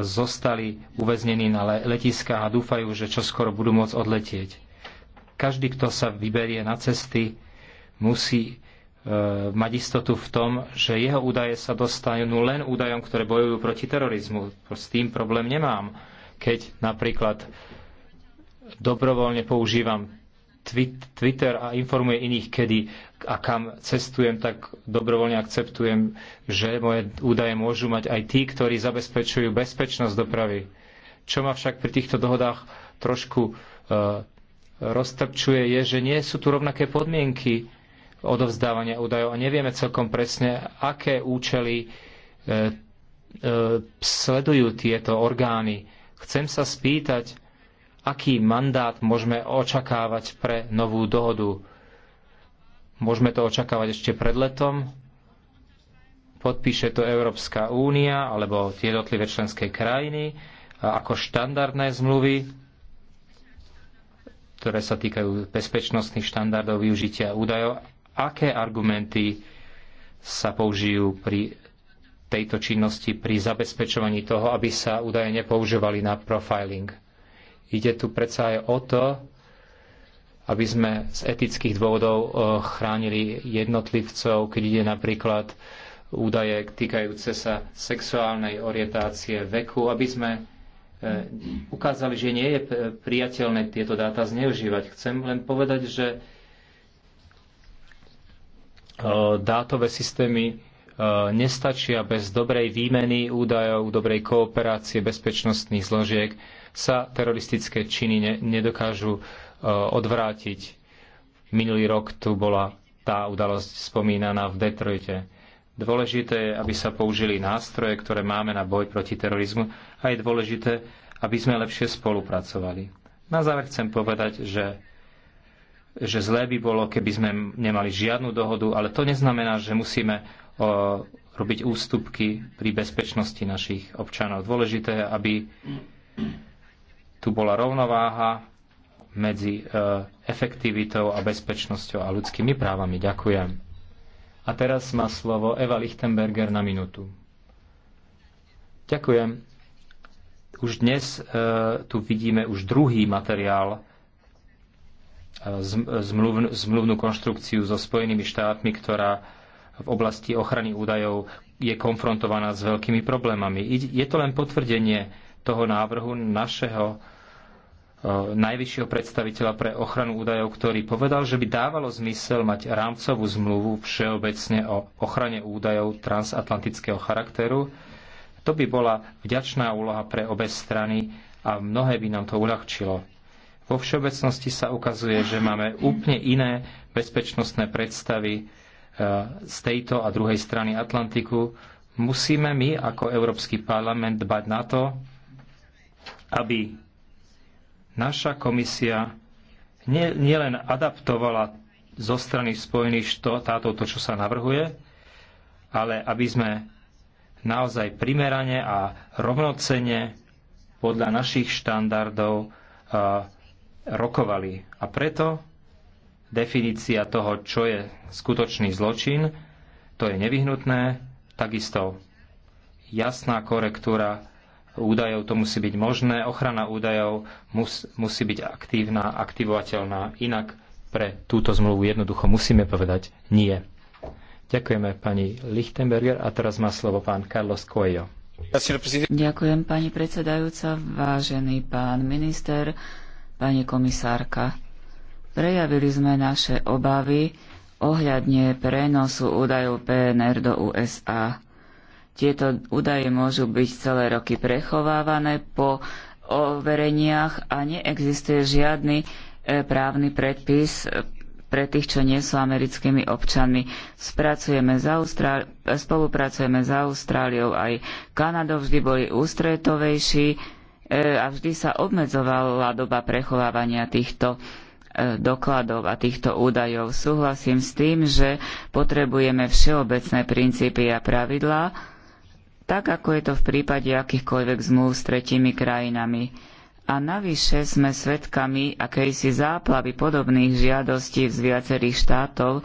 zostali uväznení na letiskách a dúfajú, že čoskoro budú môcť odletieť. Každý, kto sa vyberie na cesty, musí e, mať istotu v tom, že jeho údaje sa dostanú len údajom, ktoré bojujú proti terorizmu. S tým problém nemám keď napríklad dobrovoľne používam Twitter a informuje iných, kedy a kam cestujem, tak dobrovoľne akceptujem, že moje údaje môžu mať aj tí, ktorí zabezpečujú bezpečnosť dopravy. Čo ma však pri týchto dohodách trošku uh, roztrpčuje, je, že nie sú tu rovnaké podmienky odovzdávania údajov a nevieme celkom presne, aké účely uh, sledujú tieto orgány Chcem sa spýtať, aký mandát môžeme očakávať pre novú dohodu. Môžeme to očakávať ešte pred letom? Podpíše to Európska únia alebo tie jednotlivé členské krajiny ako štandardné zmluvy, ktoré sa týkajú bezpečnostných štandardov využitia údajov. Aké argumenty sa použijú pri tejto činnosti pri zabezpečovaní toho, aby sa údaje nepoužívali na profiling. Ide tu predsa aj o to, aby sme z etických dôvodov eh, chránili jednotlivcov, keď ide napríklad údaje týkajúce sa sexuálnej orientácie veku, aby sme eh, ukázali, že nie je eh, priateľné tieto dáta zneužívať. Chcem len povedať, že dátové systémy Eh, nestačia bez dobrej výmeny údajov, dobrej kooperácie bezpečnostných zložiek, sa teroristické činy ne, nedokážu eh, odvrátiť. Minulý rok tu bola tá udalosť spomínaná v Detroite. Dôležité je, aby sa použili nástroje, ktoré máme na boj proti terorizmu a je dôležité, aby sme lepšie spolupracovali. Na záver chcem povedať, že že zlé by bolo, keby sme nemali žiadnu dohodu, ale to neznamená, že musíme robiť ústupky pri bezpečnosti našich občanov. Dôležité, aby tu bola rovnováha medzi e, efektivitou a bezpečnosťou a ľudskými právami. Ďakujem. A teraz má slovo Eva Lichtenberger na minútu. Ďakujem. Už dnes e, tu vidíme už druhý materiál e, zmluvnú konštrukciu so Spojenými štátmi, ktorá v oblasti ochrany údajov je konfrontovaná s veľkými problémami. Je to len potvrdenie toho návrhu našeho e, najvyššieho predstaviteľa pre ochranu údajov, ktorý povedal, že by dávalo zmysel mať rámcovú zmluvu všeobecne o ochrane údajov transatlantického charakteru. To by bola vďačná úloha pre obe strany a mnohé by nám to uľahčilo. Vo všeobecnosti sa ukazuje, že máme úplne iné bezpečnostné predstavy Eh, z tejto a druhej strany Atlantiku, musíme my ako Európsky parlament dbať na to, aby naša komisia nielen adaptovala zo strany Spojených štátov to, čo sa navrhuje, ale aby sme naozaj primerane a rovnocene podľa našich štandardov eh, rokovali. A preto definícia toho, čo je skutočný zločin, to je nevyhnutné, takisto jasná korektúra údajov, to musí byť možné, ochrana údajov mus, musí byť aktívna, aktivovateľná, inak pre túto zmluvu jednoducho musíme povedať nie. Ďakujeme pani Lichtenberger a teraz má slovo pán Carlos Coelho. Ďakujem pani predsedajúca, vážený pán minister, pani komisárka. Prejavili sme naše obavy ohľadne prenosu údajov PNR do USA. Tieto údaje môžu byť celé roky prechovávané po overeniach a neexistuje žiadny e, právny predpis e, pre tých, čo nie sú americkými občanmi. Spracujeme za spolupracujeme s Austráliou aj Kanadou, vždy boli ústretovejší e, a vždy sa obmedzovala doba prechovávania týchto E, dokladov a týchto údajov. Súhlasím s tým, že potrebujeme všeobecné princípy a pravidlá, tak ako je to v prípade akýchkoľvek zmluv s tretími krajinami. A navyše sme svedkami akejsi záplavy podobných žiadostí z viacerých štátov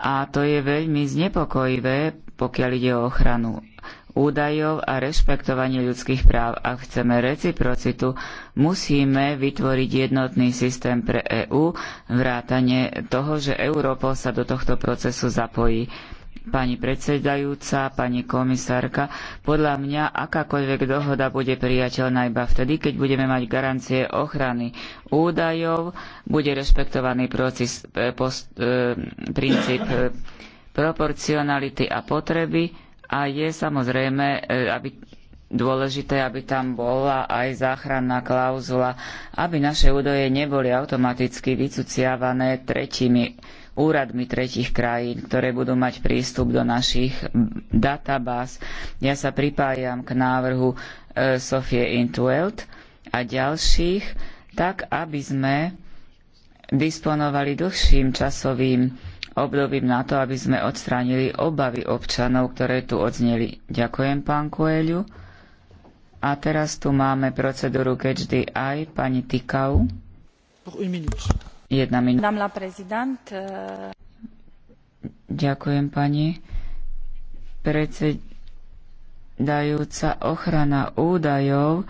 a to je veľmi znepokojivé, pokiaľ ide o ochranu údajov a rešpektovanie ľudských práv. Ak chceme reciprocitu, musíme vytvoriť jednotný systém pre EÚ, vrátane toho, že Europol sa do tohto procesu zapojí. Pani predsedajúca, pani komisárka, podľa mňa akákoľvek dohoda bude prijateľná iba vtedy, keď budeme mať garancie ochrany údajov, bude rešpektovaný proces, e, post, e, princíp e, proporcionality a potreby, a je samozrejme, e, aby dôležité, aby tam bola aj záchranná klauzula, aby naše údaje neboli automaticky vycuciavané tretími úradmi tretich krajín, ktoré budú mať prístup do našich databáz. Ja sa pripájam k návrhu e, Sofie Intuelt a ďalších, tak aby sme disponovali dlhším časovým obdobím na to, aby sme odstránili obavy občanov, ktoré tu odzneli. Ďakujem, pán Koeľu. A teraz tu máme procedúru Catch the Eye, pani Tikau. Jedna minúta. Euh, Ďakujem, pani predsedajúca. Ochrana údajov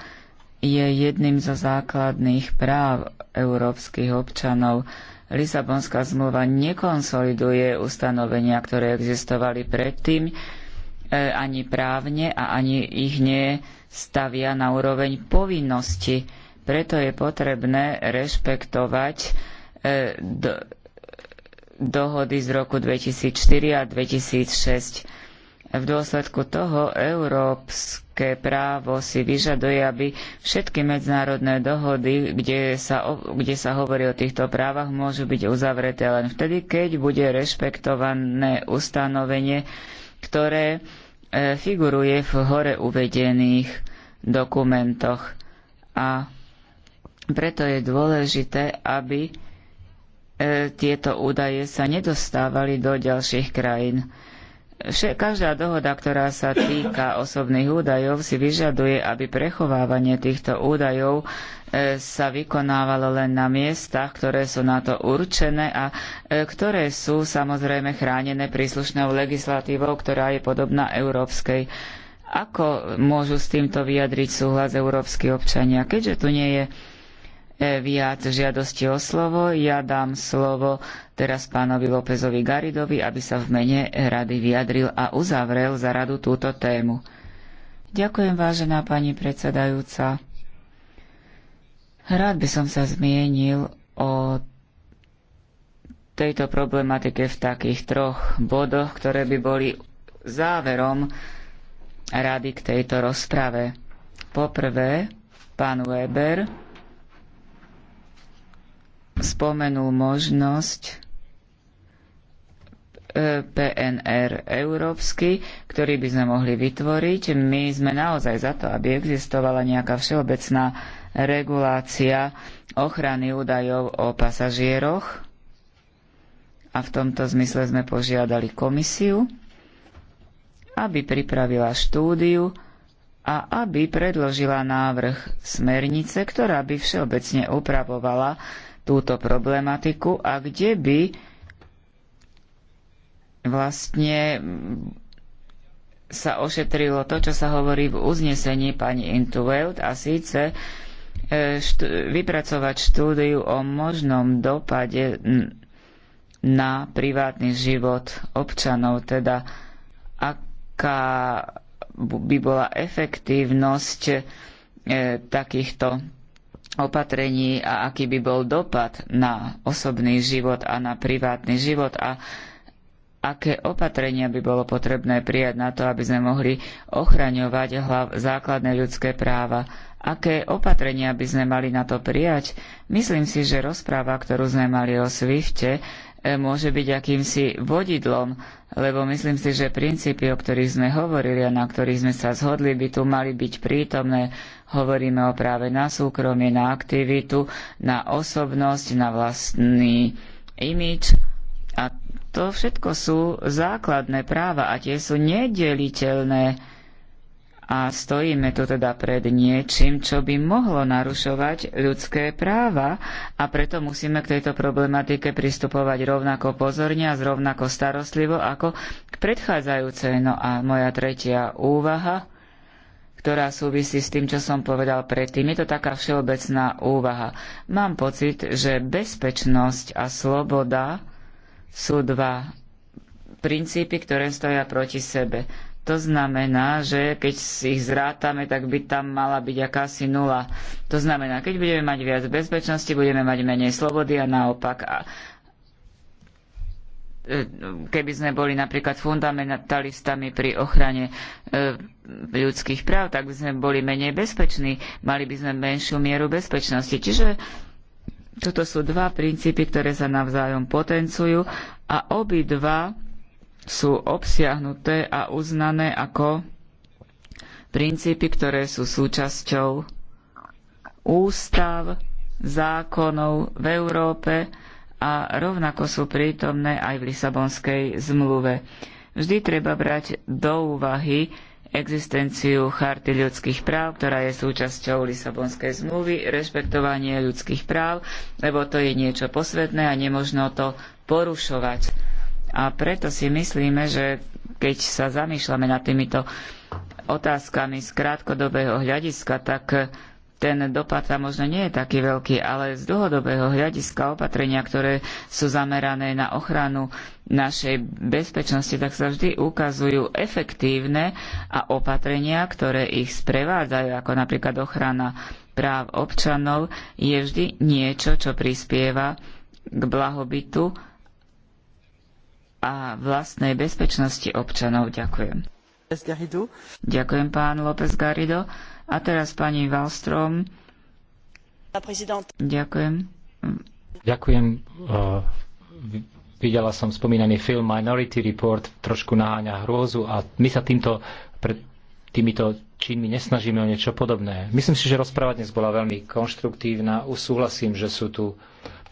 je jedným zo základných práv európskych občanov. Lisabonská zmluva nekonsoliduje ustanovenia, ktoré existovali predtým, e, ani právne a ani ich nestavia na úroveň povinnosti. Preto je potrebné rešpektovať e, dohody z roku 2004 a 2006 v dôsledku toho európske právo si vyžaduje, aby všetky medzinárodné dohody, kde sa, kde sa hovorí o týchto právach, môžu byť uzavreté len vtedy, keď bude rešpektované ustanovenie, ktoré e, figuruje v hore uvedených dokumentoch. A preto je dôležité, aby e, tieto údaje sa nedostávali do ďalších krajín. Každá dohoda, ktorá sa týka osobných údajov, si vyžaduje, aby prechovávanie týchto údajov e, sa vykonávalo len na miestach, ktoré sú na to určené a e, ktoré sú samozrejme chránené príslušnou legislatívou, ktorá je podobná európskej. Ako môžu s týmto vyjadriť súhlas európsky občania? Keďže tu nie je e, viac žiadosti o slovo, ja dám slovo teraz pánovi Lópezovi Garidovi, aby sa v mene rady vyjadril a uzavrel za radu túto tému. Ďakujem, vážená pani predsedajúca. Rád by som sa zmienil o tejto problematike v takých troch bodoch, ktoré by boli záverom rady k tejto rozprave. Poprvé, pán Weber spomenul možnosť PNR európsky, ktorý by sme mohli vytvoriť. My sme naozaj za to, aby existovala nejaká všeobecná regulácia ochrany údajov o pasažieroch. A v tomto zmysle sme požiadali komisiu, aby pripravila štúdiu a aby predložila návrh smernice, ktorá by všeobecne upravovala túto problematiku a kde by vlastne sa ošetrilo to, čo sa hovorí v uznesení pani Intuelt a síce e, štú, vypracovať štúdiu o možnom dopade na privátny život občanov, teda aká by bola efektívnosť e, takýchto opatrení a aký by bol dopad na osobný život a na privátny život a aké opatrenia by bolo potrebné prijať na to, aby sme mohli ochraňovať hlav, základné ľudské práva. Aké opatrenia by sme mali na to prijať? Myslím si, že rozpráva, ktorú sme mali o Swifte, e, môže byť akýmsi vodidlom, lebo myslím si, že princípy, o ktorých sme hovorili a na ktorých sme sa zhodli, by tu mali byť prítomné. Hovoríme o práve na súkromie, na aktivitu, na osobnosť, na vlastný imič a to všetko sú základné práva a tie sú nedeliteľné. A stojíme tu teda pred niečím, čo by mohlo narušovať ľudské práva a preto musíme k tejto problematike pristupovať rovnako pozorne a rovnako starostlivo ako k predchádzajúcej. No a moja tretia úvaha, ktorá súvisí s tým, čo som povedal predtým, je to taká všeobecná úvaha. Mám pocit, že bezpečnosť a sloboda sú dva princípy, ktoré stoja proti sebe. To znamená, že keď si ich zrátame, tak by tam mala byť akási nula. To znamená, keď budeme mať viac bezpečnosti, budeme mať menej slobody a naopak. A e, keby sme boli napríklad fundamentalistami pri ochrane e, ľudských práv, tak by sme boli menej bezpeční, mali by sme menšiu mieru bezpečnosti. Čiže toto sú dva princípy, ktoré sa navzájom potencujú a obidva sú obsiahnuté a uznané ako princípy, ktoré sú súčasťou ústav, zákonov v Európe a rovnako sú prítomné aj v Lisabonskej zmluve. Vždy treba brať do úvahy existenciu charty ľudských práv, ktorá je súčasťou Lisabonskej zmluvy, rešpektovanie ľudských práv, lebo to je niečo posvetné a nemožno to porušovať. A preto si myslíme, že keď sa zamýšľame nad týmito otázkami z krátkodobého hľadiska, tak ten dopad tam možno nie je taký veľký, ale z dlhodobého hľadiska opatrenia, ktoré sú zamerané na ochranu našej bezpečnosti, tak sa vždy ukazujú efektívne a opatrenia, ktoré ich sprevádzajú, ako napríklad ochrana práv občanov, je vždy niečo, čo prispieva k blahobytu a vlastnej bezpečnosti občanov. Ďakujem. Ďakujem pán López Garrido. A teraz pani Wallström. Ďakujem. Ďakujem. videla som spomínaný film Minority Report, trošku naháňa hrôzu a my sa týmto pred týmito činmi nesnažíme o niečo podobné. Myslím si, že rozpráva dnes bola veľmi konštruktívna. Usúhlasím, že sú tu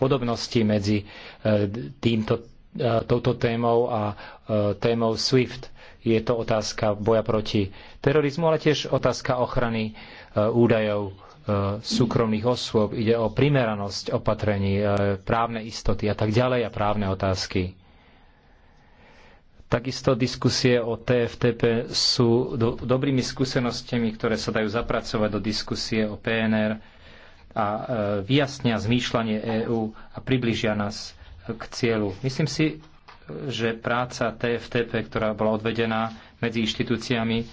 podobnosti medzi eh, týmto, eh, touto témou a eh, témou SWIFT je to otázka boja proti terorizmu, ale tiež otázka ochrany e, údajov e, súkromných osôb. Ide o primeranosť opatrení, e, právne istoty a tak ďalej a právne otázky. Takisto diskusie o TFTP sú do, dobrými skúsenostiami, ktoré sa dajú zapracovať do diskusie o PNR a e, vyjasnia zmýšľanie EÚ a približia nás k cieľu. Myslím si, že práca TFTP, ktorá bola odvedená medzi inštitúciami,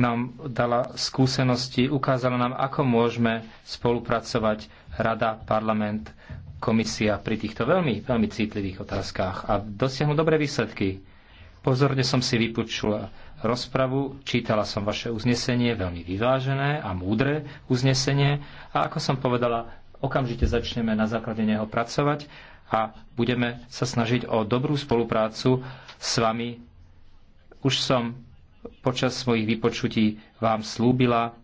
nám dala skúsenosti, ukázala nám, ako môžeme spolupracovať Rada, Parlament, Komisia pri týchto veľmi, veľmi citlivých otázkach a dosiahnu dobré výsledky. Pozorne som si vypočula rozpravu, čítala som vaše uznesenie, veľmi vyvážené a múdre uznesenie a ako som povedala, Okamžite začneme na základe neho pracovať a budeme sa snažiť o dobrú spoluprácu s vami. Už som počas svojich vypočutí vám slúbila,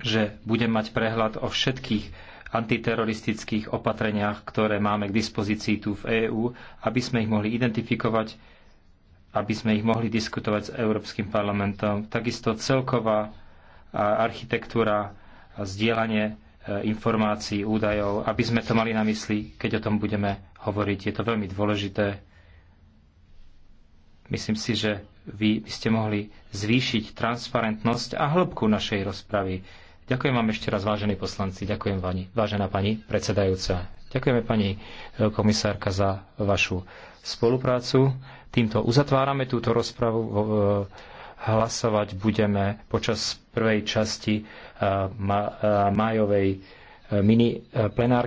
že budem mať prehľad o všetkých antiteroristických opatreniach, ktoré máme k dispozícii tu v EÚ, aby sme ich mohli identifikovať, aby sme ich mohli diskutovať s Európskym parlamentom. Takisto celková architektúra a zdieľanie Eh, informácií, údajov, aby sme to mali na mysli, keď o tom budeme hovoriť. Je to veľmi dôležité. Myslím si, že vy by ste mohli zvýšiť transparentnosť a hĺbku našej rozpravy. Ďakujem vám ešte raz, vážení poslanci. Ďakujem pani, vážená pani predsedajúca. Ďakujeme pani eh, komisárka za vašu spoluprácu. Týmto uzatvárame túto rozpravu. Eh, Hlasovať budeme počas prvej časti eh, majovej eh, eh, mini plenárky.